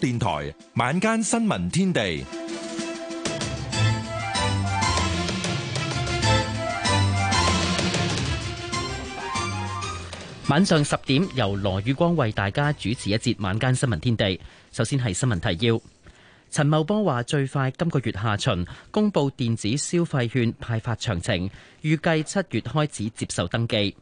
電台晚間新聞天地，晚上十點由羅宇光為大家主持一節晚間新聞天地。首先係新聞提要，陳茂波話最快今個月下旬公布電子消費券派發詳情，預計七月開始接受登記。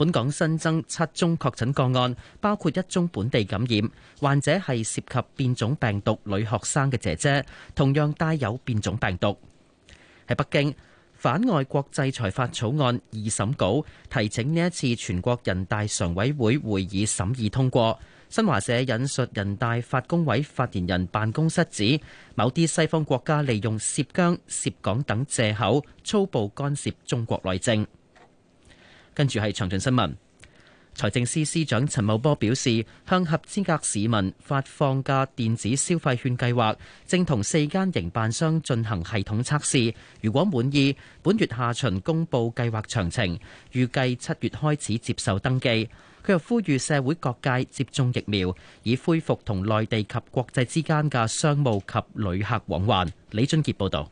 本港新增七宗確診個案，包括一宗本地感染，患者係涉及變種病毒女學生嘅姐姐，同樣帶有變種病毒。喺北京，反外國制裁法草案二審稿提請呢一次全國人大常委會會議審議通過。新華社引述人大法工委發言人辦公室指，某啲西方國家利用涉疆、涉港等借口，粗暴干涉中國內政。跟住係詳盡新聞財政司司長陳茂波表示，向合資格市民發放嘅電子消費券計劃，正同四間營辦商進行系統測試。如果滿意，本月下旬公布計劃詳情，預計七月開始接受登記。佢又呼籲社會各界接種疫苗，以恢復同內地及國際之間嘅商務及旅客往還。李俊傑報道。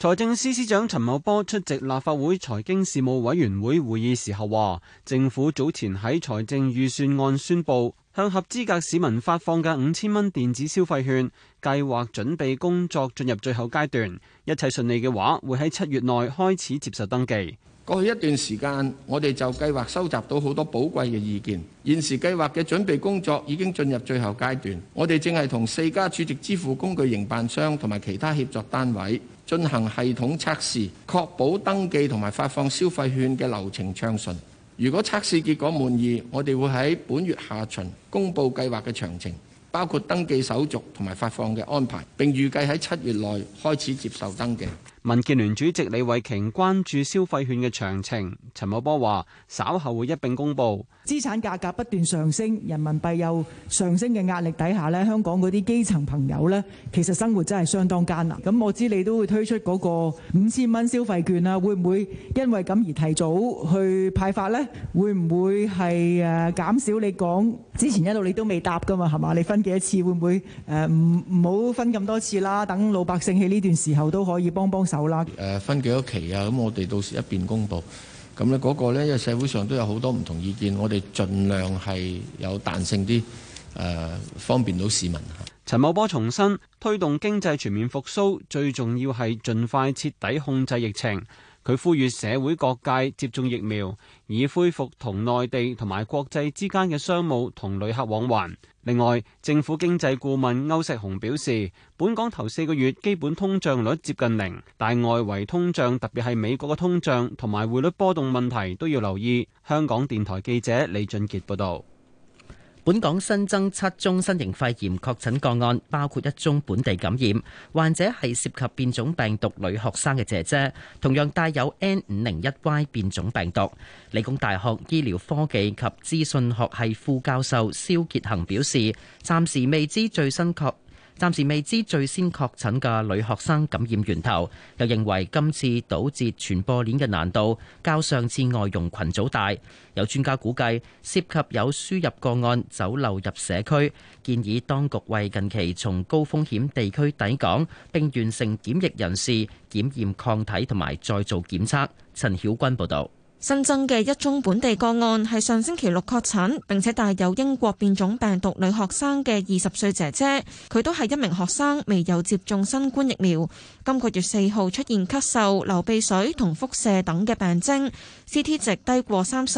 財政司司長陳茂波出席立法會財經事務委員會會議時候話，政府早前喺財政預算案宣布向合資格市民發放嘅五千蚊電子消費券計劃，計劃準備工作進入最後階段。一切順利嘅話，會喺七月內開始接受登記。過去一段時間，我哋就計劃收集到好多寶貴嘅意見。現時計劃嘅準備工作已經進入最後階段，我哋正係同四家儲值支付工具營辦商同埋其他協作單位。進行系統測試，確保登記同埋發放消費券嘅流程暢順。如果測試結果滿意，我哋會喺本月下旬公佈計劃嘅詳情，包括登記手續同埋發放嘅安排，並預計喺七月內開始接受登記。民建聯主席李慧瓊關注消費券嘅詳情，陳茂波話稍後會一併公佈。資產價格不斷上升，人民幣又上升嘅壓力底下咧，香港嗰啲基層朋友呢，其實生活真係相當艱難。咁我知你都會推出嗰個五千蚊消費券啊，會唔會因為咁而提早去派發呢？會唔會係誒減少你？你講之前一路你都未答噶嘛，係嘛？你分幾多次？會唔會誒唔唔好分咁多次啦？等老百姓喺呢段時候都可以幫幫。分幾多期啊？咁我哋到時一併公佈，咁咧嗰個咧，因為社會上都有好多唔同意見，我哋盡量係有彈性啲，誒方便到市民。陳茂波重申，推動經濟全面復甦，最重要係盡快徹底控制疫情。佢呼籲社會各界接種疫苗，以恢復同內地同埋國際之間嘅商務同旅客往還。另外，政府經濟顧問歐石雄表示，本港頭四個月基本通脹率接近零，但外圍通脹，特別係美國嘅通脹同埋匯率波動問題都要留意。香港電台記者李俊傑報道。本港新增七宗新型肺炎確診個案，包括一宗本地感染患者係涉及變種病毒女學生嘅姐姐，同樣帶有 N 五零一 Y 變種病毒。理工大學醫療科技及資訊學系副教授蕭傑恆表示，暫時未知最新確。暫時未知最先確診嘅女學生感染源頭，又認為今次堵截傳播鏈嘅難度較上次外傭群組大。有專家估計涉及有輸入個案走漏入社區，建議當局為近期從高風險地區抵港並完成檢疫人士檢驗抗體同埋再做檢測。陳曉君報導。新增嘅一宗本地個案係上星期六確診，並且帶有英國變種病毒女學生嘅二十歲姐姐，佢都係一名學生，未有接種新冠疫苗。今個月四號出現咳嗽、流鼻水同腹瀉等嘅病徵，C T 值低過三十，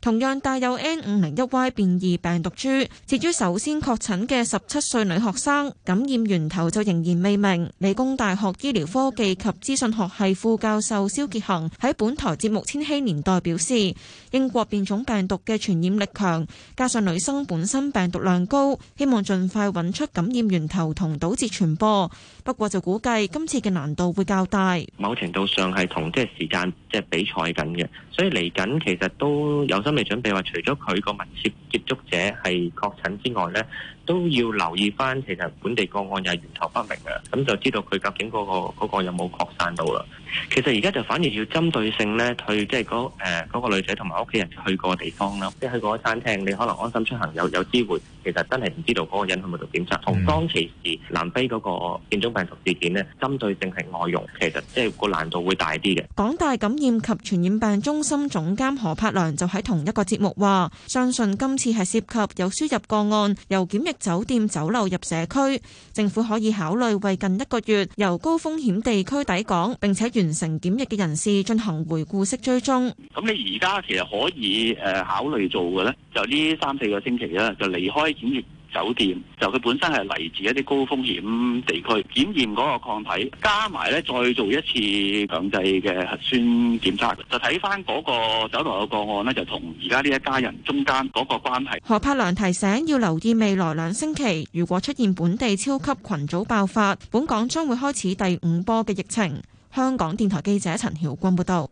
同樣帶有 N 五零一 Y 變異病毒株。至於首先確診嘅十七歲女學生，感染源頭就仍然未明。理工大學醫療科技及資訊學系副教授蕭傑恒喺本台節目千禧年代表示，英國變種病毒嘅傳染力強，加上女生本身病毒量高，希望盡快揾出感染源頭同堵截傳播。不過就估計今次嘅難度會較大，某程度上係同即係時間即係、即係、比賽緊嘅，所以嚟緊其實都有心理準備話，除咗佢個密切接觸者係確診之外呢，都要留意返其實本地個案又係源頭不明嘅，咁就知道佢究竟嗰、嗰個嗰個有冇擴散到啦。其實而家就反而要針對性呢，去即係嗰誒個女仔同埋屋企人去過地方啦，即係去過一個餐廳，你可能安心出行有有機會。其實真係唔知道嗰個人係咪做檢測。同當其時南非嗰個變種病毒事件咧，針對性係外容，其實即係個難度會大啲嘅。港大感染及傳染病中心總監何柏良就喺同一個節目話，相信今次係涉及有輸入個案，由檢疫酒店走漏入社區。政府可以考慮為近一個月由高風險地區抵港並且完成檢疫嘅人士進行回顧式追蹤。咁你而家其實可以誒考慮做嘅咧，就呢三四個星期啦，就離開。檢疫酒店就，佢本身係嚟自一啲高風險地區，檢驗嗰個抗體加埋咧，再做一次強制嘅核酸檢測，就睇翻嗰個酒樓個案呢，就同而家呢一家人中間嗰個關係。何柏良提醒要留意未來兩星期，如果出現本地超級群組爆發，本港將會開始第五波嘅疫情。香港電台記者陳曉君報道。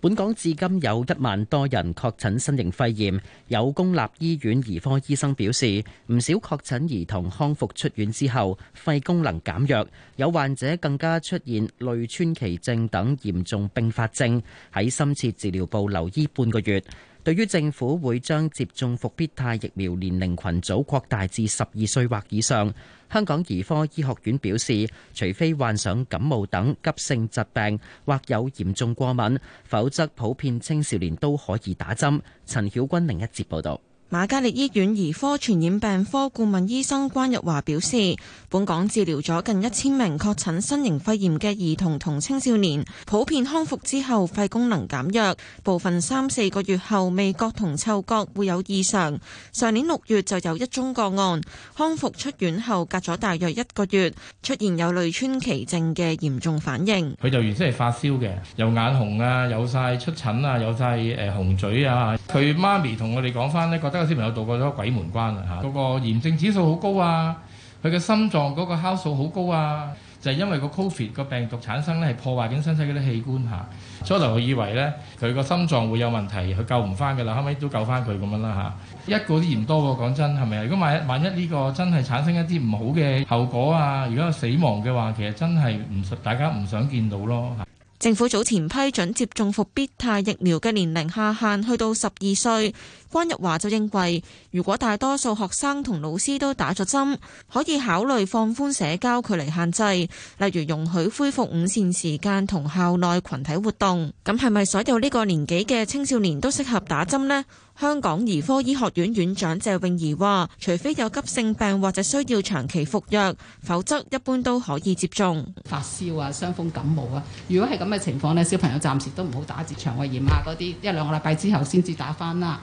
本港至今有一萬多人確診新型肺炎，有公立醫院兒科醫生表示，唔少確診兒童康復出院之後，肺功能減弱，有患者更加出現類川崎症等嚴重併發症，喺深切治療部留醫半個月。對於政府會將接種復必泰疫苗年齡群組擴大至十二歲或以上，香港兒科醫學院表示，除非患上感冒等急性疾病或有嚴重過敏，否則普遍青少年都可以打針。陳曉君另一節報導。馬嘉烈醫院兒科傳染病科顧問醫生關日華表示，本港治療咗近一千名確診新型肺炎嘅兒童同青少年，普遍康復之後肺功能減弱，部分三四個月後味覺同嗅覺會有異常。上年六月就有一宗個案康復出院後隔咗大約一個月出現有類川崎症嘅嚴重反應。佢就原先係發燒嘅，有眼紅啊，有晒出疹啊，有晒誒、呃、紅嘴啊。佢媽咪同我哋講翻呢。覺得。啲小朋友度過咗鬼門關啦嚇，嗰個炎症指數好高啊，佢嘅心臟嗰個酵素好高啊，就係因為個 Covid 個病毒產生咧，係破壞緊身體嗰啲器官嚇。初頭佢以為咧，佢個心臟會有問題，佢救唔翻嘅啦，後尾都救翻佢咁樣啦嚇。一個都嫌多喎，講真係咪啊？如果萬一萬一呢個真係產生一啲唔好嘅後果啊，如果死亡嘅話，其實真係唔大家唔想見到咯。政府早前批准接種復必泰疫苗嘅年齡下限去到十二歲，關日華就認為，如果大多數學生同老師都打咗針，可以考慮放寬社交距離限制，例如容許恢復午膳時間同校內群體活動。咁係咪所有呢個年紀嘅青少年都適合打針呢？香港兒科醫學院院長謝泳儀話，除非有急性病或者需要長期服藥，否則一般都可以接種。發燒啊、傷風感冒啊，如果係咁嘅情況咧，小朋友暫時都唔好打，接腸胃炎啊嗰啲一兩個禮拜之後先至打翻啦。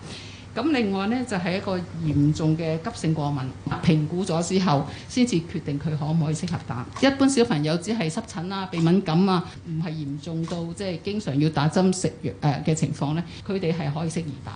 咁另外咧就係、是、一個嚴重嘅急性過敏，評估咗之後先至決定佢可唔可以適合打。一般小朋友只係濕疹啊、鼻敏感啊，唔係嚴重到即係、就是、經常要打針食藥誒嘅情況咧，佢哋係可以適宜打。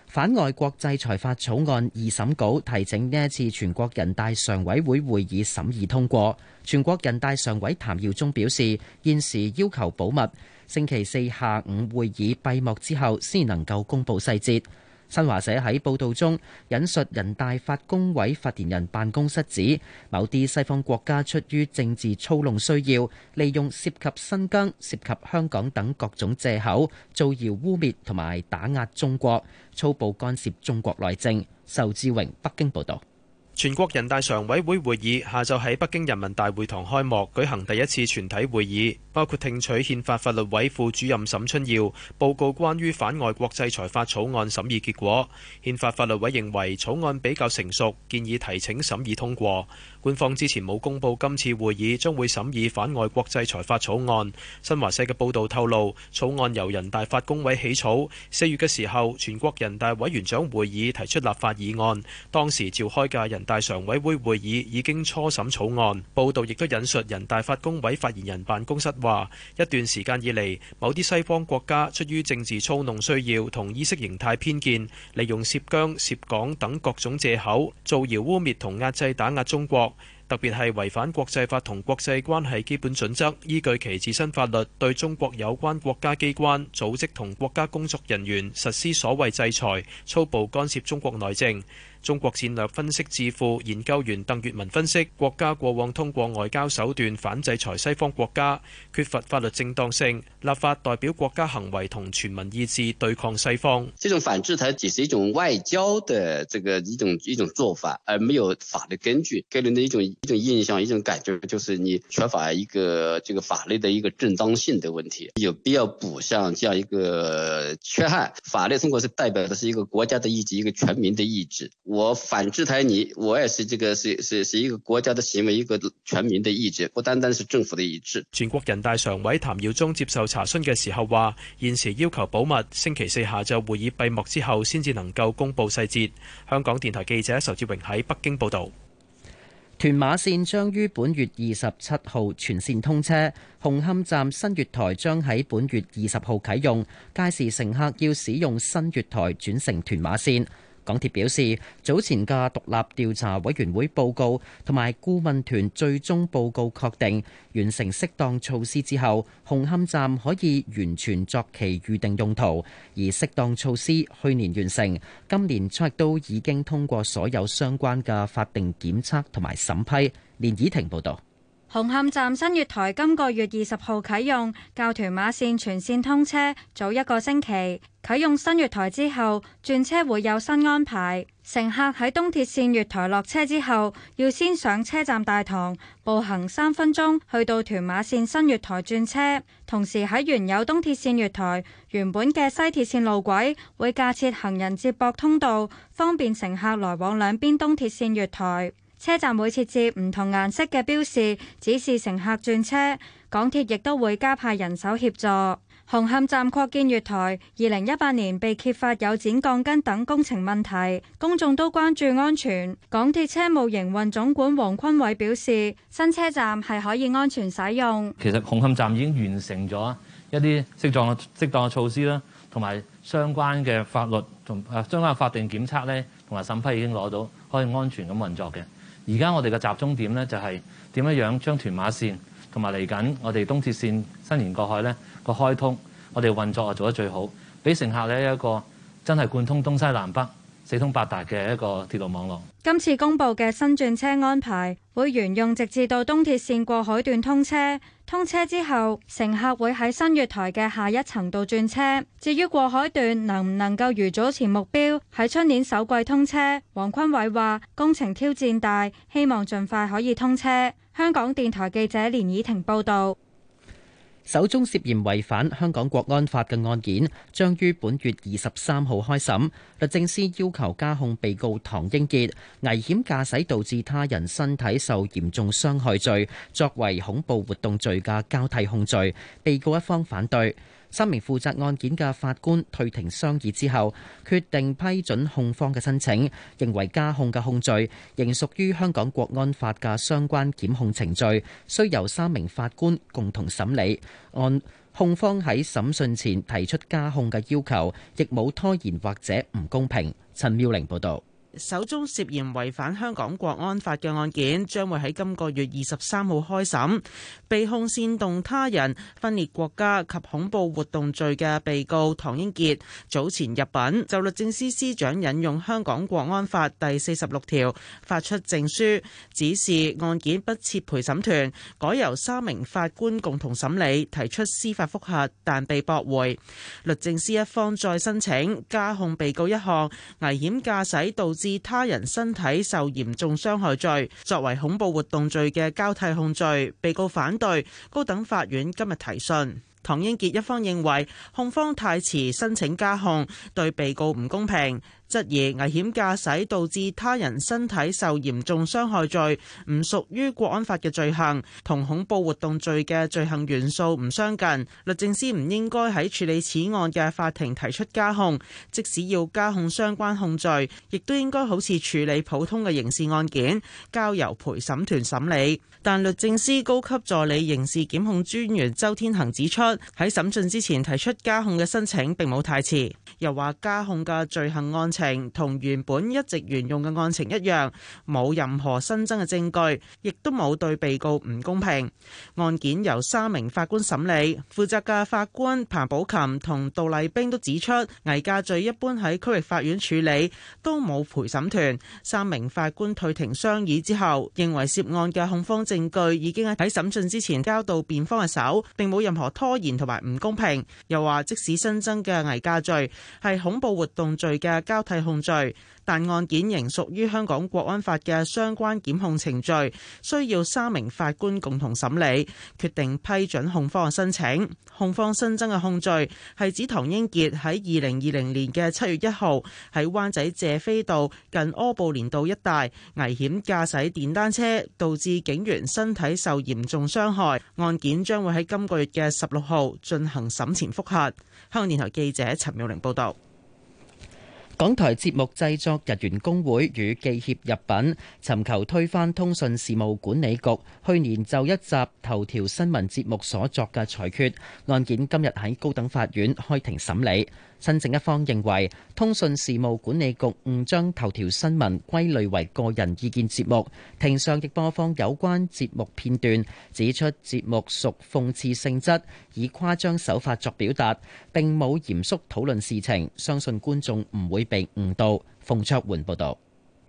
反外國制裁法草案二審稿提請呢一次全國人大常委會會議審議通過。全國人大常委譚耀宗表示，現時要求保密，星期四下午會議閉幕之後，先能夠公布細節。新華社喺報道中引述人大法工委發言人辦公室指，某啲西方國家出於政治操弄需要，利用涉及新疆、涉及香港等各種借口，造謠污衊同埋打壓中國，粗暴干涉中國內政。仇志榮北京報道。全國人大常委會會議下晝喺北京人民大會堂開幕，舉行第一次全體會議，包括聽取憲法法律委副主任沈春耀報告關於反外國制裁法草案審議結果。憲法法律委認為草案比較成熟，建議提請審議通過。官方之前冇公布今次會議將會審議反外國制裁法草案。新華社嘅報道透露，草案由人大法工委起草。四月嘅時候，全國人大委員長會議提出立法議案，當時召開嘅人大常委會會議已經初審草案。報道亦都引述人大法工委發言人辦公室話：一段時間以嚟，某啲西方國家出於政治操弄需要同意識形態偏見，利用涉疆、涉港等各種借口，造謠污衊同壓制打壓中國。特別係違反國際法同國際關係基本準則，依據其自身法律，對中國有關國家機關、組織同國家工作人員實施所謂制裁，粗暴干涉中國內政。中國戰略分析智庫研究員鄧月文分析，國家過往通過外交手段反制裁西方國家，缺乏法律正當性，立法代表國家行為同全民意志對抗西方。這種反制裁只是一種外交的這個一種一種做法，而沒有法律根據，給人的一種一種印象一種感覺，就是你缺乏一個這個法律的一個正當性的問題，有必要補上這樣一個缺憾。法律中國是代表的是一個國家的意志，一個全民的意志。我反制裁你，我也是這個是是是一個國家的行為，一個全民的意志，不單單是政府的意志。全國人大常委譚耀宗接受查詢嘅時候話，現時要求保密，星期四下晝會議閉幕之後，先至能夠公布細節。香港電台記者仇志榮喺北京報道。屯馬綫將於本月二十七號全綫通車，紅磡站新月台將喺本月二十號啟用，屆時乘客要使用新月台轉乘屯馬綫。港鐵表示，早前嘅獨立調查委員會報告同埋顧問團最終報告確定，完成適當措施之後，紅磡站可以完全作其預定用途。而適當措施去年完成，今年初亦都已經通過所有相關嘅法定檢測同埋審批。連倚婷報道。紅磡站新月台今個月二十號啟用，較屯馬綫全綫通車早一個星期。啟用新月台之後，轉車會有新安排。乘客喺東鐵綫月台落車之後，要先上車站大堂，步行三分鐘去到屯馬綫新月台轉車。同時，喺原有東鐵綫月台，原本嘅西鐵綫路軌，會架設行人接駁通道，方便乘客來往兩邊東鐵綫月台。車站會設置唔同顏色嘅標示，指示乘客轉車，港鐵亦都會加派人手協助。紅磡站擴建月台，二零一八年被揭發有剪鋼筋等工程問題，公眾都關注安全。港鐵車務營運總管黃坤偉表示，新車站係可以安全使用。其實紅磡站已經完成咗一啲適當嘅適當嘅措施啦，同埋相關嘅法律同啊相關嘅法定檢測咧，同埋審批已經攞到，可以安全咁運作嘅。而家我哋嘅集中點咧，就係點樣樣將屯馬綫同埋嚟緊我哋東鐵綫新綫過海咧個開通，我哋運作啊做得最好，俾乘客咧一個真係貫通東西南北，四通八達嘅一個鐵路網絡。今次公布嘅新轉車安排會沿用，直至到東鐵線過海段通車。通車之後，乘客會喺新月台嘅下一層度轉車。至於過海段能唔能夠如早前目標喺春年首季通車，黃坤偉話工程挑戰大，希望盡快可以通車。香港電台記者連以婷報導。首宗涉嫌違反香港國安法嘅案件，將於本月二十三號開審。律政司要求加控被告唐英傑危險駕駛導致他人身體受嚴重傷害罪，作為恐怖活動罪嘅交替控罪，被告一方反對。三名負責案件嘅法官退庭商議之後，決定批准控方嘅申請，認為加控嘅控罪仍屬於香港國安法嘅相關檢控程序，須由三名法官共同審理。按控方喺審訊前提出加控嘅要求，亦冇拖延或者唔公平。陳妙玲報道。首宗涉嫌違反香港國安法嘅案件，將會喺今個月二十三號開審。被控煽動他人分裂國家及恐怖活動罪嘅被告唐英傑早前入禀，就律政司司長引用香港國安法第四十六條發出證書，指示案件不設陪審團，改由三名法官共同審理，提出司法覆核，但被駁回。律政司一方再申請加控被告一項危險駕駛導致致他人身體受嚴重傷害罪，作為恐怖活動罪嘅交替控罪，被告反對。高等法院今日提訊唐英傑，一方認為控方太遲申請加控，對被告唔公平。質疑危險駕駛導致他人身體受嚴重傷害罪唔屬於國安法嘅罪行，同恐怖活動罪嘅罪行元素唔相近。律政司唔應該喺處理此案嘅法庭提出加控，即使要加控相關控罪，亦都應該好似處理普通嘅刑事案件，交由陪審團審理。但律政司高級助理刑事檢控專員周天行指出，喺審訊之前提出加控嘅申請並冇太遲。又話加控嘅罪行案情。同原本一直沿用嘅案情一樣，冇任何新增嘅證據，亦都冇對被告唔公平。案件由三名法官審理，負責嘅法官彭寶琴同杜麗冰都指出，危駕罪一般喺區域法院處理，都冇陪審團。三名法官退庭商議之後，認為涉案嘅控方證據已經喺審訊之前交到辯方嘅手，並冇任何拖延同埋唔公平。又話即使新增嘅危駕罪係恐怖活動罪嘅交。控罪，但案件仍屬於香港國安法嘅相關檢控程序，需要三名法官共同審理，決定批准控方嘅申請。控方新增嘅控罪係指唐英傑喺二零二零年嘅七月一號喺灣仔謝斐道近柯布連道一帶危險駕駛電單車，導致警員身體受嚴重傷害。案件將會喺今個月嘅十六號進行審前覆核。香港電台記者陳妙玲報道。港台節目製作人員工會與記協入禀，尋求推翻通訊事務管理局去年就一集《頭條新聞》節目所作嘅裁決。案件今日喺高等法院開庭審理。申請一方認為通訊事務管理局誤將頭條新聞歸類為個人意見節目，庭上亦播放有關節目片段，指出節目屬諷刺性質，以誇張手法作表達，並冇嚴肅討論事情，相信觀眾唔會被誤導。馮卓媛報導。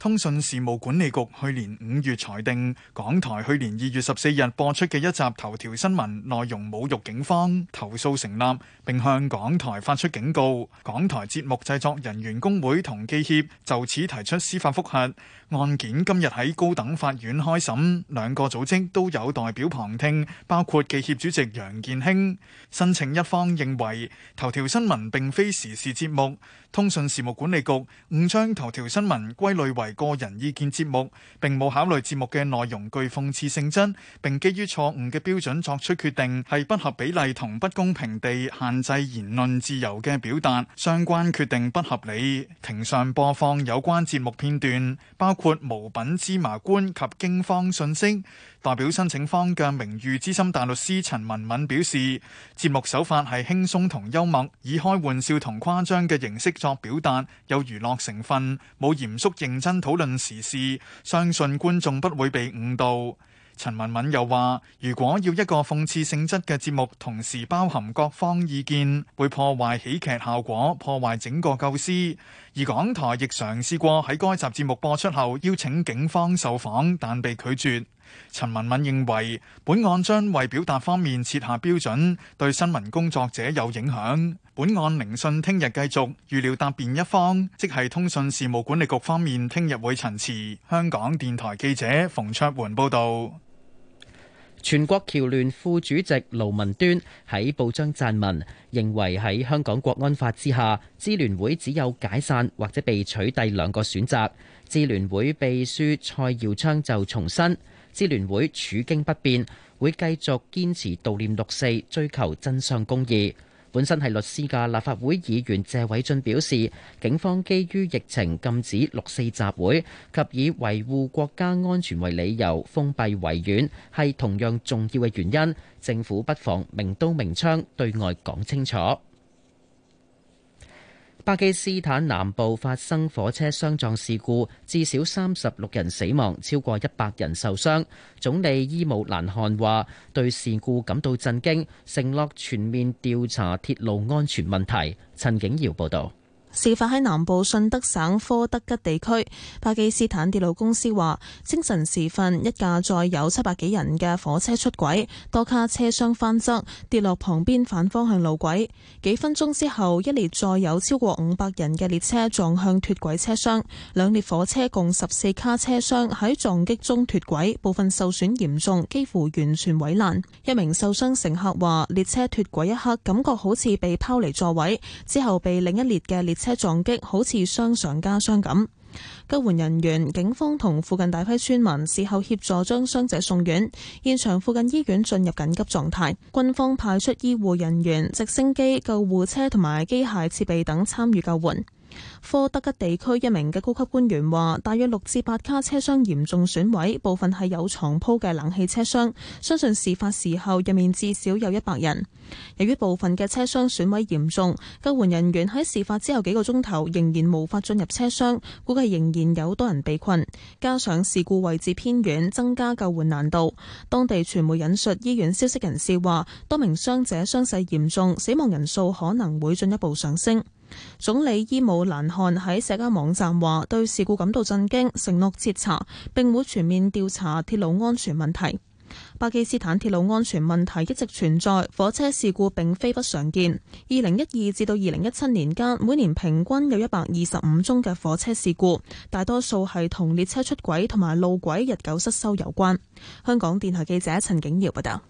通訊事務管理局去年五月裁定，港台去年二月十四日播出嘅一集頭條新聞內容侮辱警方，投訴成立，並向港台發出警告。港台節目製作人員工會同記協就此提出司法覆核案件今日喺高等法院開審，兩個組織都有代表旁聽，包括記協主席楊健興。申請一方認為，頭條新聞並非時事節目，通訊事務管理局誤將頭條新聞歸類為個人意見節目，並冇考慮節目嘅內容具諷刺性質，並基於錯誤嘅標準作出決定，係不合比例同不公平地限制言論自由嘅表達，相關決定不合理。庭上播放有關節目片段，包括。括無品芝麻官及驚方訊息，代表申請方嘅名譽資深大律師陳文敏表示：節目手法係輕鬆同幽默，以開玩笑同誇張嘅形式作表達，有娛樂成分，冇嚴肅認真討論時事，相信觀眾不會被誤導。陳文敏又話，如果要一個諷刺性質嘅節目，同時包含各方意見，會破壞喜劇效果，破壞整個構思。而港台亦嘗試過喺該集節目播出後邀請警方受訪，但被拒絕。陳文敏認為，本案將為表達方面設下標準，對新聞工作者有影響。本案聆訊聽日繼續，預料答辯一方即係通訊事務管理局方面聽日會陳詞。香港電台記者馮卓桓報道。全國僑聯副主席盧文端喺報章撰文，認為喺香港國安法之下，支聯會只有解散或者被取締兩個選擇。支聯會秘書蔡耀昌就重申。支聯會處境不變，會繼續堅持悼念六四，追求真相公義。本身係律師嘅立法會議員謝偉俊表示，警方基於疫情禁止六四集會，及以維護國家安全為理由封閉維園，係同樣重要嘅原因。政府不妨明刀明槍對外講清楚。巴基斯坦南部發生火車相撞事故，至少三十六人死亡，超過一百人受傷。總理伊姆蘭汗話，對事故感到震驚，承諾全面調查鐵路安全問題。陳景堯報道。事發喺南部信德省科德吉地區，巴基斯坦鐵路公司話，清晨時分，一架載有七百幾人嘅火車出軌，多卡車廂翻側，跌落旁邊反方向路軌。幾分鐘之後，一列載有超過五百人嘅列車撞向脫軌車廂，兩列火車共十四卡車廂喺撞擊中脫軌，部分受損嚴重，幾乎完全毀爛。一名受傷乘客話，列車脫軌一刻，感覺好似被拋離座位，之後被另一列嘅列車。車撞擊，好似傷上加傷咁，救援人員、警方同附近大批村民事後協助將傷者送院。現場附近醫院進入緊急狀態，軍方派出醫護人員、直升機、救護車同埋機械設備等參與救援。科德吉地區一名嘅高級官員話：大約六至八卡車廂嚴重損毀，部分係有床鋪嘅冷氣車廂。相信事發時候入面至少有一百人。由於部分嘅車廂損毀嚴重，救援人員喺事發之後幾個鐘頭仍然無法進入車廂，估計仍然有多人被困。加上事故位置偏遠，增加救援難度。當地傳媒引述醫院消息人士話：多名傷者傷勢嚴重，死亡人數可能會進一步上升。總理伊姆蘭汗喺社交網站話：對事故感到震驚，承諾徹查，並會全面調查鐵路安全問題。巴基斯坦鐵路安全問題一直存在，火車事故並非不常見。二零一二至到二零一七年間，每年平均有一百二十五宗嘅火車事故，大多數係同列車出軌同埋路軌日久失修有關。香港電台記者陳景堯報道。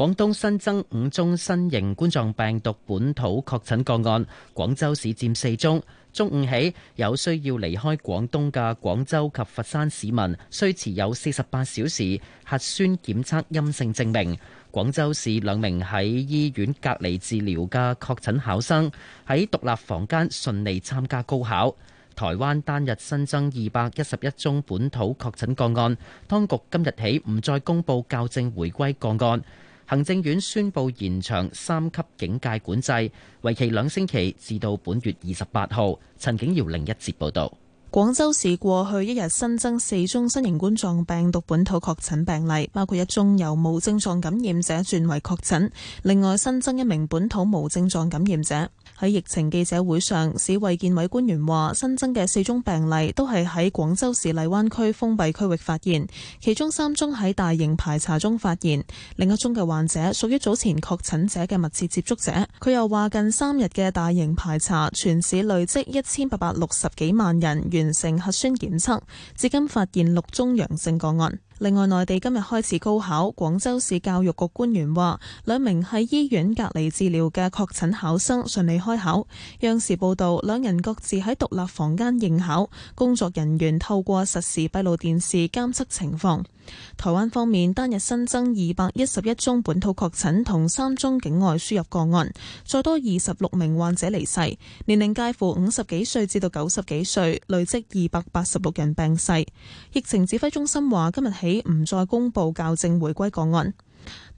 廣東新增五宗新型冠狀病毒本土確診個案，廣州市佔四宗。中午起，有需要離開廣東嘅廣州及佛山市民，需持有四十八小時核酸檢測陰性證明。廣州市兩名喺醫院隔離治療嘅確診考生喺獨立房間順利參加高考。台灣單日新增二百一十一宗本土確診個案，當局今日起唔再公佈校正回歸個案。行政院宣佈延長三級警戒管制，為期兩星期，至到本月二十八號。陳景瑤另一節報道，廣州市過去一日新增四宗新型冠狀病毒本土確診病例，包括一宗由無症狀感染者轉為確診，另外新增一名本土無症狀感染者。喺疫情記者會上，市衛健委官員話：新增嘅四宗病例都係喺廣州市荔灣區封閉區域發現，其中三宗喺大型排查中發現，另一宗嘅患者屬於早前確診者嘅密切接觸者。佢又話，近三日嘅大型排查，全市累積一千八百六十幾萬人完成核酸檢測，至今發現六宗陽性個案。另外，內地今日開始高考，廣州市教育局官員話，兩名喺醫院隔離治療嘅確診考生順利開考。央視報導，兩人各自喺獨立房間應考，工作人員透過實時閉路電視監測情況。台灣方面單日新增二百一十一宗本土確診同三宗境外輸入個案，再多二十六名患者離世，年齡介乎五十幾歲至到九十幾歲，累積二百八十六人病逝。疫情指揮中心話，今日起唔再公布校正回歸個案。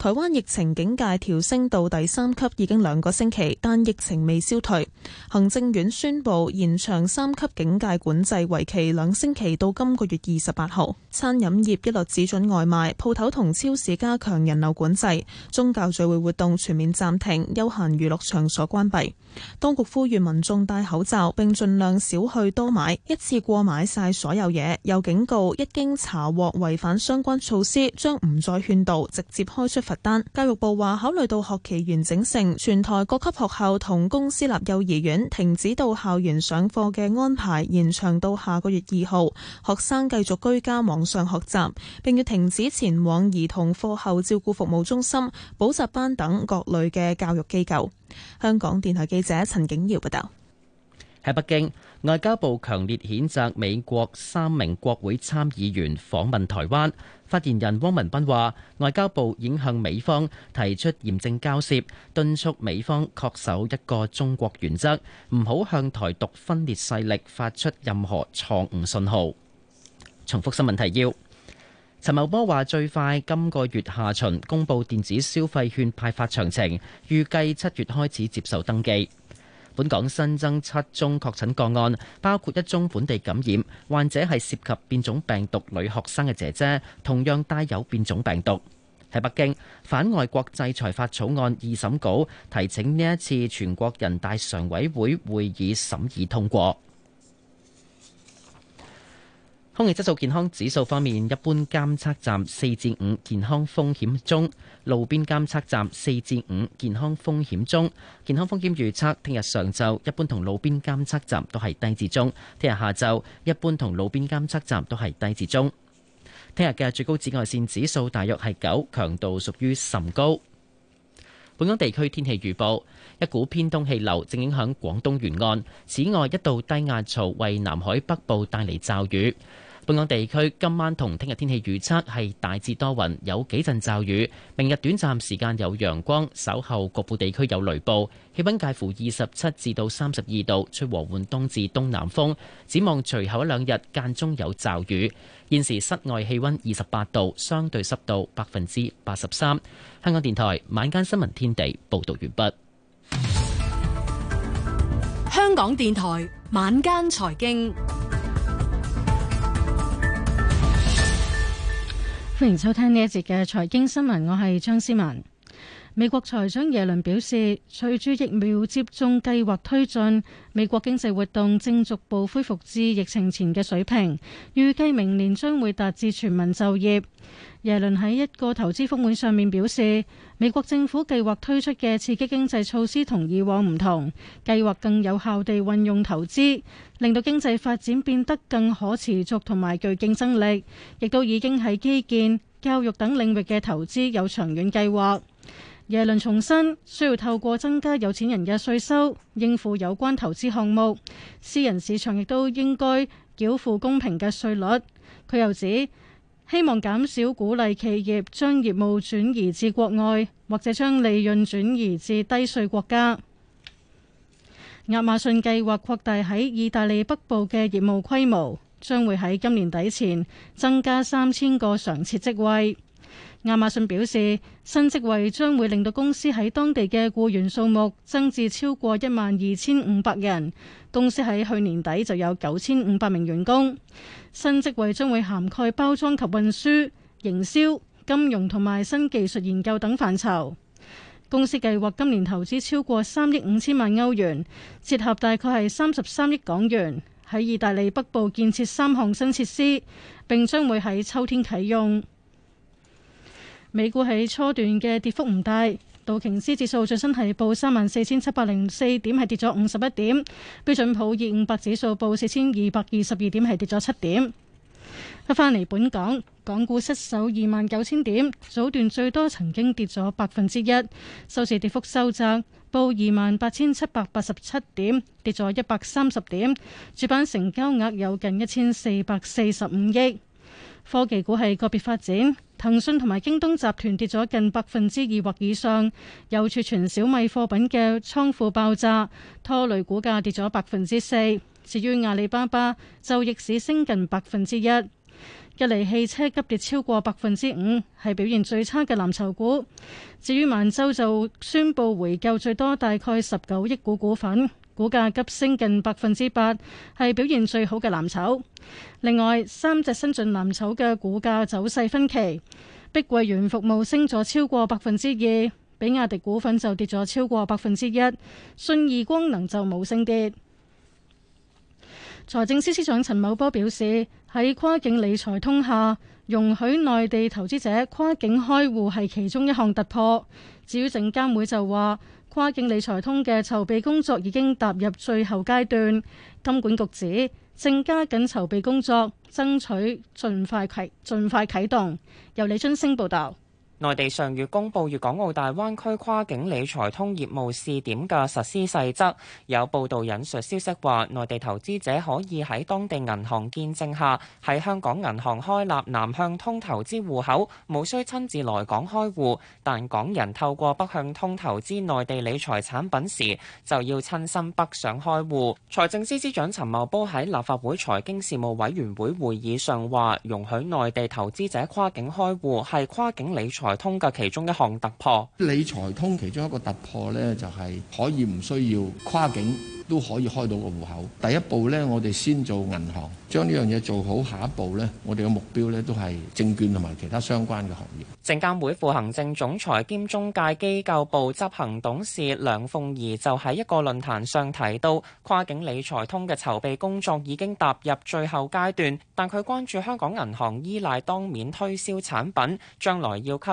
台灣疫情警戒調升到第三級已經兩個星期，但疫情未消退。行政院宣佈延長三級警戒管制，為期兩星期到今個月二十八號。餐飲業一律只准外賣，鋪頭同超市加強人流管制。宗教聚會活動全面暫停，休閒娛樂場所關閉。當局呼籲民眾戴口罩，並盡量少去多買，一次過買晒所有嘢。又警告，一經查獲違反相關措施，將唔再勸導，直接開出。單教育部話，考慮到學期完整性，全台各級學校同公私立幼兒園停止到校園上課嘅安排延長到下個月二號，學生繼續居家網上學習，並要停止前往兒童課後照顧服務中心、補習班等各類嘅教育機構。香港電台記者陳景瑤報道。喺北京，外交部強烈譴責美國三名國會參議員訪問台灣。發言人汪文斌話：外交部已向美方提出嚴正交涉，敦促美方恪守一個中國原則，唔好向台獨分裂勢力發出任何錯誤信號。重複新聞提要：陳茂波話最快今個月下旬公布電子消費券派發詳情，預計七月開始接受登記。本港新增七宗確診個案，包括一宗本地感染，患者係涉及變種病毒女學生嘅姐姐，同樣帶有變種病毒。喺北京，反外國制裁法草案二審稿提請呢一次全國人大常委會會議審議通過。空氣質素健康指數方面，一般監測站四至五，健康風險中；路邊監測站四至五，健康風險中。健康風險預測，聽日上晝一般同路邊監測站都係低至中，聽日下晝一般同路邊監測站都係低至中。聽日嘅最高紫外線指數大約係九，強度屬於甚高。本港地區天氣預報。一股偏東氣流正影響廣東沿岸，此外一道低壓槽為南海北部帶嚟驟雨。本港地區今晚同聽日天氣預測係大致多雲，有幾陣驟雨。明日短暫時間有陽光，稍後局部地區有雷暴。氣溫介乎二十七至到三十二度，吹和緩東至東南風。展望隨後一兩日間中有驟雨。現時室外氣溫二十八度，相對濕度百分之八十三。香港電台晚間新聞天地報道完畢。香港電台晚間財經，歡迎收聽呢一節嘅財經新聞，我係張詩文。美國財長耶倫表示，隨住疫苗接種計劃推進，美國經濟活動正逐步恢復至疫情前嘅水平。預計明年將會達至全民就業。耶倫喺一個投資峰會上面表示，美國政府計劃推出嘅刺激經濟措施同以往唔同，計劃更有效地運用投資，令到經濟發展變得更可持續同埋具競爭力。亦都已經喺基建、教育等領域嘅投資有長遠計劃。耶倫重申，需要透過增加有錢人嘅稅收，應付有關投資項目，私人市場亦都應該繳付公平嘅稅率。佢又指，希望減少鼓勵企業將業務轉移至國外，或者將利潤轉移至低稅國家。亞馬遜計劃擴大喺意大利北部嘅業務規模，將會喺今年底前增加三千個常設職位。亞馬遜表示，新職位將會令到公司喺當地嘅雇員數目增至超過一萬二千五百人。公司喺去年底就有九千五百名員工。新職位將會涵蓋包裝及運輸、營銷、金融同埋新技術研究等範疇。公司計劃今年投資超過三億五千萬歐元，折合大概係三十三億港元，喺意大利北部建設三項新設施，並將會喺秋天啟用。美股喺初段嘅跌幅唔大，道瓊斯指數最新係報三萬四千七百零四點，係跌咗五十一點，標準普爾五百指數報四千二百二十二點，係跌咗七點。一返嚟本港，港股失守二萬九千點，早段最多曾經跌咗百分之一，收市跌幅收窄，報二萬八千七百八十七點，跌咗一百三十點，主板成交額有近一千四百四十五億，科技股係個別發展。騰訊同埋京東集團跌咗近百分之二或以上，有儲存小米貨品嘅倉庫爆炸，拖累股價跌咗百分之四。至於阿里巴巴就逆市升近百分之一，吉利汽車急跌超過百分之五，係表現最差嘅藍籌股。至於萬洲，就宣布回購最多大概十九億股股份。股價急升近百分之八，係表現最好嘅藍籌。另外，三隻新進藍籌嘅股價走勢分歧，碧桂園服務升咗超過百分之二，比亞迪股份就跌咗超過百分之一，信義光能就冇升跌。財政司司長陳茂波表示，喺跨境理財通下，容許內地投資者跨境開戶係其中一項突破。至於證監會就話，跨境理財通嘅籌備工作已經踏入最後階段，金管局指正加緊籌備工作，爭取盡快啟盡快啟動。由李春升報道。內地上月公布粵港澳大灣區跨境理財通業務試點嘅實施細則，有報道引述消息話，內地投資者可以喺當地銀行見證下，喺香港銀行開立南向通投資戶口，無需親自來港開戶。但港人透過北向通投資內地理財產品時，就要親身北上開戶。財政司司長陳茂波喺立法會財經事務委員會會議上話，容許內地投資者跨境開戶，係跨境理財。通嘅其中一項突破，理財通其中一個突破咧，就係可以唔需要跨境都可以開到個戶口。第一步咧，我哋先做銀行，將呢樣嘢做好，下一步咧，我哋嘅目標咧都係證券同埋其他相關嘅行業。證監會副行政總裁兼中介機構部執行董事梁鳳儀就喺一個論壇上提到，跨境理財通嘅籌備工作已經踏入最後階段，但佢關注香港銀行依賴當面推銷產品，將來要給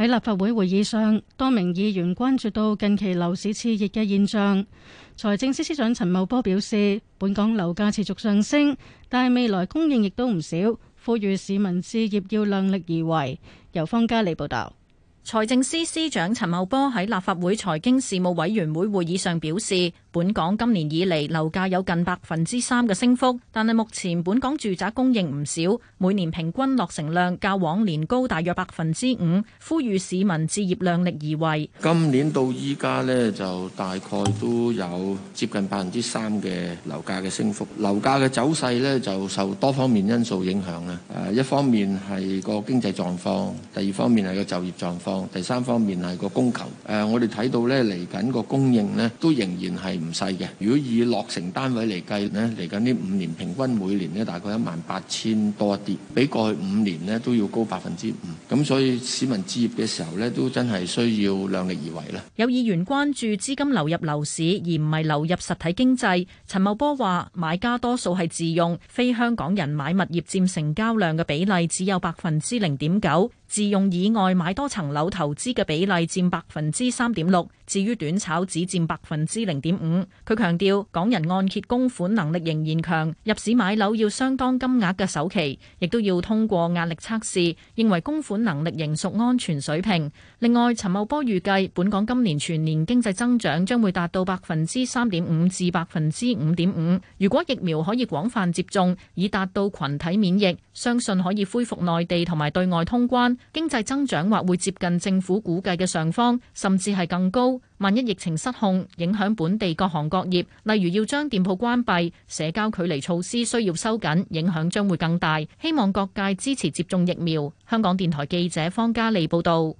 喺立法會會議上，多名議員關注到近期樓市熾熱嘅現象。財政司司長陳茂波表示，本港樓價持續上升，但係未來供應亦都唔少，呼籲市民置業要量力而為。由方家利報道。財政司司長陳茂波喺立法會財經事務委員會會議上表示，本港今年以嚟樓價有近百分之三嘅升幅，但係目前本港住宅供應唔少，每年平均落成量較往年高大約百分之五，呼籲市民置業量力而為。今年到依家呢，就大概都有接近百分之三嘅樓價嘅升幅，樓價嘅走勢呢，就受多方面因素影響啦。誒，一方面係個經濟狀況，第二方面係個就業狀況。第三方面係個供求，誒、呃，我哋睇到咧嚟緊個供應呢都仍然係唔細嘅。如果以落成單位嚟計呢，嚟緊呢五年平均每年呢大概一萬八千多啲，比過去五年呢都要高百分之五。咁所以市民置業嘅時候呢都真係需要量力而為啦。有議員關注資金流入樓市而唔係流入實體經濟，陳茂波話：買家多數係自用，非香港人買物業佔成交量嘅比例只有百分之零點九。自用以外買多層樓投資嘅比例占百分之三點六，至於短炒只占百分之零點五。佢強調，港人按揭供款能力仍然強，入市買樓要相當金額嘅首期，亦都要通過壓力測試，認為供款能力仍屬安全水平。另外，陳茂波預計，本港今年全年經濟增長將會達到百分之三點五至百分之五點五。如果疫苗可以廣泛接種，以達到群體免疫，相信可以恢復內地同埋對外通關。經濟增長或會接近政府估計嘅上方，甚至係更高。萬一疫情失控，影響本地各行各業，例如要將店鋪關閉、社交距離措施需要收緊，影響將會更大。希望各界支持接種疫苗。香港電台記者方嘉利報道。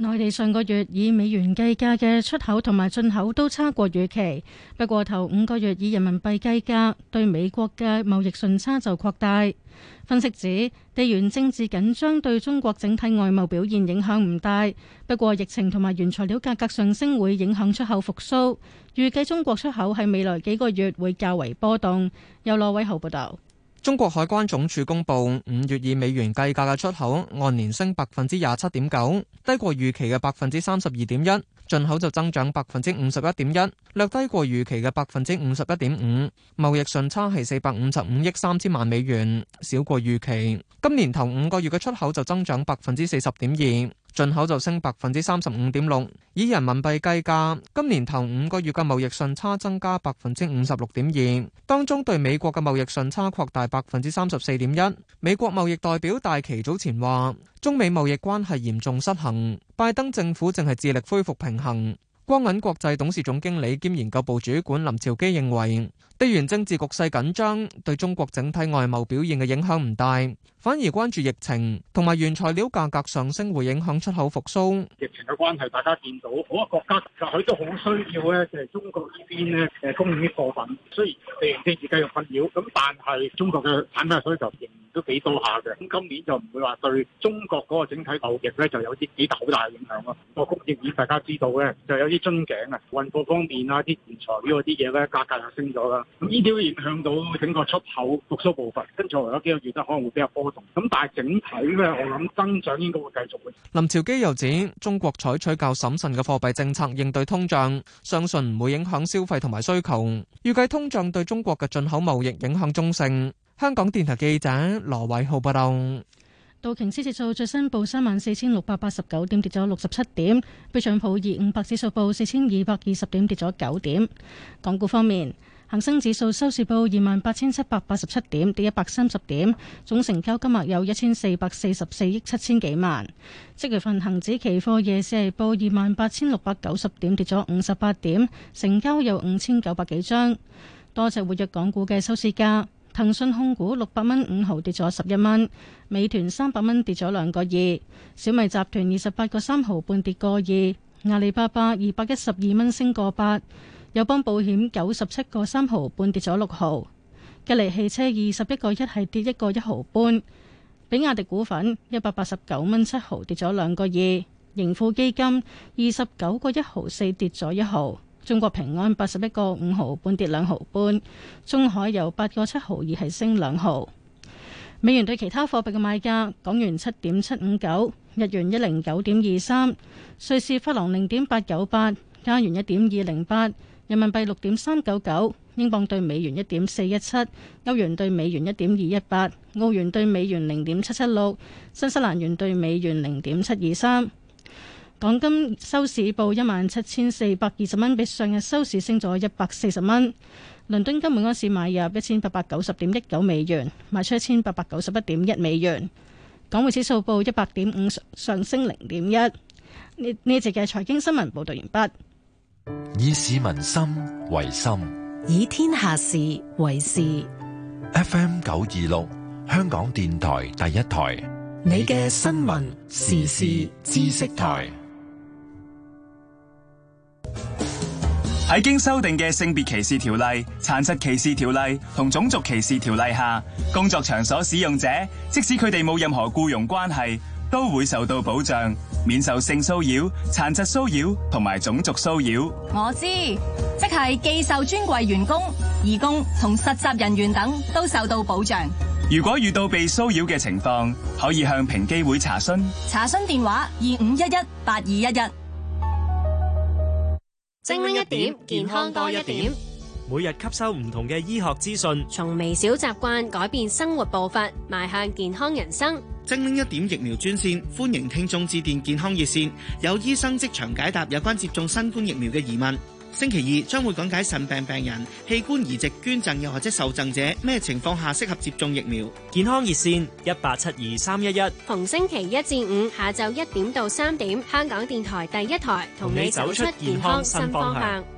內地上個月以美元計價嘅出口同埋進口都差過預期，不過頭五個月以人民幣計價對美國嘅貿易順差就擴大。分析指地緣政治緊張對中國整體外貿表現影響唔大，不過疫情同埋原材料價格上升會影響出口復甦。預計中國出口喺未來幾個月會較為波動。由羅偉豪報道。中國海關總署公布五月以美元計價嘅出口按年升百分之廿七點九，低過預期嘅百分之三十二點一；進口就增長百分之五十一點一，略低過預期嘅百分之五十一點五。貿易順差係四百五十五億三千萬美元，少過預期。今年頭五個月嘅出口就增長百分之四十點二。進口就升百分之三十五點六，以人民幣計價，今年頭五個月嘅貿易順差增加百分之五十六點二，當中對美國嘅貿易順差擴大百分之三十四點一。美國貿易代表戴琪早前話，中美貿易關係嚴重失衡，拜登政府正係致力恢復平衡。光銀國際董事總經理兼研究部主管林兆基認為。地緣政治局勢緊張對中國整體外貿表現嘅影響唔大，反而關注疫情同埋原材料價格上升會影響出口復甦。疫情嘅關係，大家見到好多國家其實佢都好需要咧，就係中國呢邊咧嘅供應啲貨品。雖然地緣政治繼續困擾，咁但係中國嘅產品啊，需求仍然都幾多下嘅。咁今年就唔會話對中國嗰個整體貿易咧就有啲幾大好大嘅影響咯。我、嗯、工業已大家知道嘅，就有啲樽頸啊，運貨方面啊，啲原材料嗰啲嘢咧，價格又升咗啦。呢啲會影響到整個出口復甦步伐，跟住我哋有幾個月都可能會比較波動。咁但係整體呢，我諗增長應該會繼續嘅。林朝基又指，中國採取較審慎嘅貨幣政策應對通脹，相信唔會影響消費同埋需求。預計通脹對中國嘅進口貿易影響中性。香港電台記者羅偉浩報導。道瓊斯指數最新報三萬四千六百八十九點，點跌咗六十七點；標準普爾五百指數報四千二百二十點，跌咗九點。港股方面。恒生指數收市報二萬八千七百八十七點，跌一百三十點，總成交金額有一千四百四十四億七千幾萬。即月份恒指期貨夜市係報二萬八千六百九十點，跌咗五十八點，成交有五千九百幾張。多隻活躍港股嘅收市價，騰訊控股六百蚊五毫跌咗十一蚊，美團三百蚊跌咗兩個二，小米集團二十八個三毫半跌個二，阿里巴巴二百一十二蚊升個八。友邦保險九十七個三毫半跌咗六毫，吉利汽車二十一個一係跌一個一毫半，比亞迪股份一百八十九蚊七毫跌咗兩個二，盈富基金二十九個一毫四跌咗一毫，中國平安八十一個五毫半跌兩毫半，中海油八個七毫二係升兩毫。美元對其他貨幣嘅賣價：港元七點七五九，日元一零九點二三，瑞士法郎零點八九八，加元一點二零八。人民幣六點三九九，英鎊兌美元一點四一七，歐元兌美元一點二一八，澳元兌美元零點七七六，新西蘭元兌美元零點七二三。港金收市報一萬七千四百二十蚊，比上日收市升咗一百四十蚊。倫敦金每安士買入一千八百九十點一九美元，賣出一千八百九十一點一美元。港匯指數報一百點五，上升零點一。呢呢節嘅財經新聞報道完畢。以市民心為心，以天下事為事。FM 九二六，香港電台第一台，你嘅新聞時事知識台。喺經修訂嘅性別歧視條例、殘疾歧視條例同種族歧視條例下，工作場所使用者即使佢哋冇任何雇傭關係，都會受到保障。免受性騷擾、殘疾騷擾同埋種族騷擾，我知，即係既受尊貴員工、義工同實習人員等都受到保障。如果遇到被騷擾嘅情況，可以向平機會查詢。查詢電話：二五一一八二一一。精靈一點，健康多一點。每日吸收唔同嘅醫學資訊，從微小習慣改變生活步伐，邁向健康人生。精靈一點疫苗專線，歡迎聽眾致電健康熱線，有醫生即場解答有關接種新冠疫苗嘅疑問。星期二將會講解腎病病人、器官移植捐贈又或者受贈者咩情況下適合接種疫苗。健康熱線一八七二三一一，逢星期一至五下晝一點到三點，香港電台第一台同你走出健康新方向。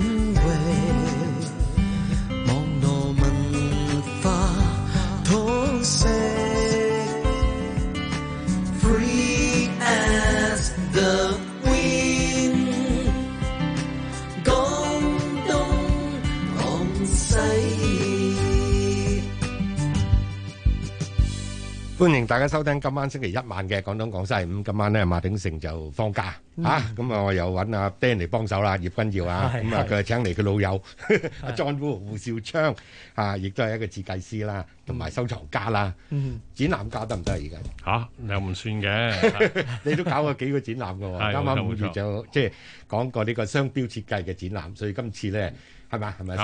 歡迎大家收聽今晚星期一晚嘅廣東講西。咁今晚咧馬鼎盛就放假嚇，咁啊又揾阿爹嚟幫手啦，葉君耀啊，咁啊佢請嚟佢老友阿莊富胡紹昌啊，亦都係一個設計師啦，同、啊、埋收藏家啦，展覽家得唔得啊？而、啊啊啊啊啊、家吓、啊？啊、又唔算嘅，你都搞過幾個展覽嘅喎。啱啱五月就即係講過呢個商標設計嘅展覽，所以今次咧。嗯嗯係咪？係咪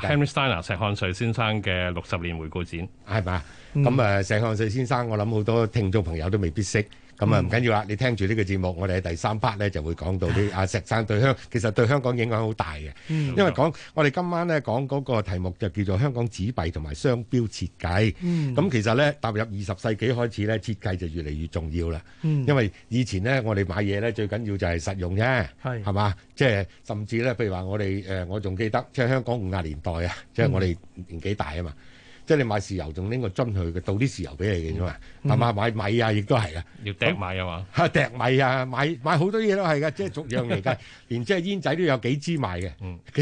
？Henry Steiner 石漢瑞先生嘅六十年回顧展係嘛？咁誒、呃，石漢瑞先生，我諗好多聽眾朋友都未必識。咁啊唔緊要啦，嗯、你聽住呢個節目，我哋喺第三 part 咧就會講到啲阿 石生對香，其實對香港影響好大嘅。嗯、因為講我哋今晚咧講嗰個題目就叫做香港紙幣同埋商標設計。咁、嗯、其實咧踏入二十世紀開始咧，設計就越嚟越重要啦。嗯、因為以前咧我哋買嘢咧最緊要就係實用啫，係嘛是？即係甚至咧，譬如話我哋誒、呃，我仲記得即係香港五十年代啊，即係我哋年紀大啊嘛。嗯即係你買豉油仲拎個樽去嘅，倒啲豉油俾你嘅啫嘛，係嘛、嗯、買米啊，亦都係噶，要掟米啊嘛，吓掟米啊，買買好多嘢都係噶，即係逐樣嚟噶， 連即係煙仔都有幾支賣嘅，嗯、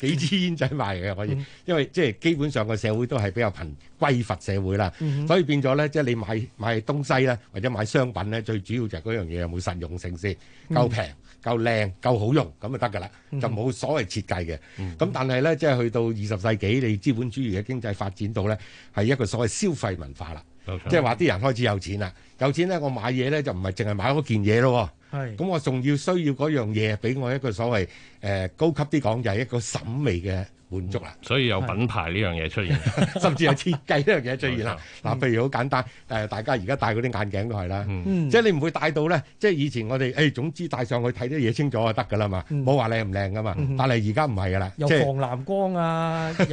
幾支煙仔賣嘅可以，嗯、因為即係基本上個社會都係比較貧。規罰社會啦，嗯、哼所以變咗咧，即、就、係、是、你買買東西咧，或者買商品咧，最主要就係嗰樣嘢有冇實用性先，夠平、夠靚、嗯哼、夠好用咁就得噶啦，就冇所謂設計嘅。咁、嗯、哼但係咧，即、就、係、是、去到二十世紀，你資本主義嘅經濟發展到咧，係一個所謂消費文化啦，即係話啲人開始有錢啦，有錢咧我買嘢咧就唔係淨係買嗰件嘢咯，係咁、嗯、哼我仲要需要嗰樣嘢，俾我一個所謂誒、呃、高級啲講就係一個審美嘅。滿足啦，所以有品牌呢樣嘢出現，甚至有設計呢樣嘢出現啦。嗱，譬如好簡單，誒，大家而家戴嗰啲眼鏡都係啦，即係你唔會戴到咧。即係以前我哋誒總之戴上去睇啲嘢清楚就得㗎啦嘛，冇話靚唔靚㗎嘛。但係而家唔係㗎啦，又防藍光啊，又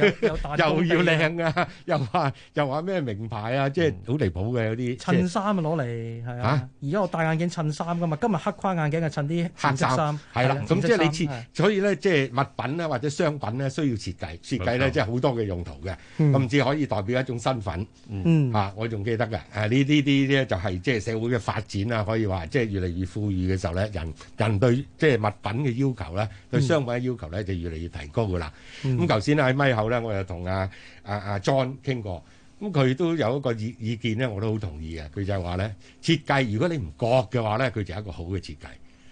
要靚啊，又話又話咩名牌啊，即係好離譜嘅，有啲襯衫啊攞嚟係啊，而家我戴眼鏡襯衫㗎嘛，今日黑框眼鏡就襯啲黑色衫，係啦，咁即係你所以咧即係物品咧或者商品咧需要設計設計咧，即係好多嘅用途嘅，甚至、嗯、可以代表一種身份。嗯，啊，我仲記得嘅，啊呢啲啲咧就係即係社會嘅發展啊。可以話即係越嚟越富裕嘅時候咧，人人對即係物品嘅要求咧，對商品嘅要求咧就越嚟越提高噶啦。咁頭先咧喺咪後咧，我又同阿阿阿 John 傾過，咁佢都有一個意意見咧，我都好同意嘅。佢就係話咧，設計如果你唔覺嘅話咧，佢就係一個好嘅設計。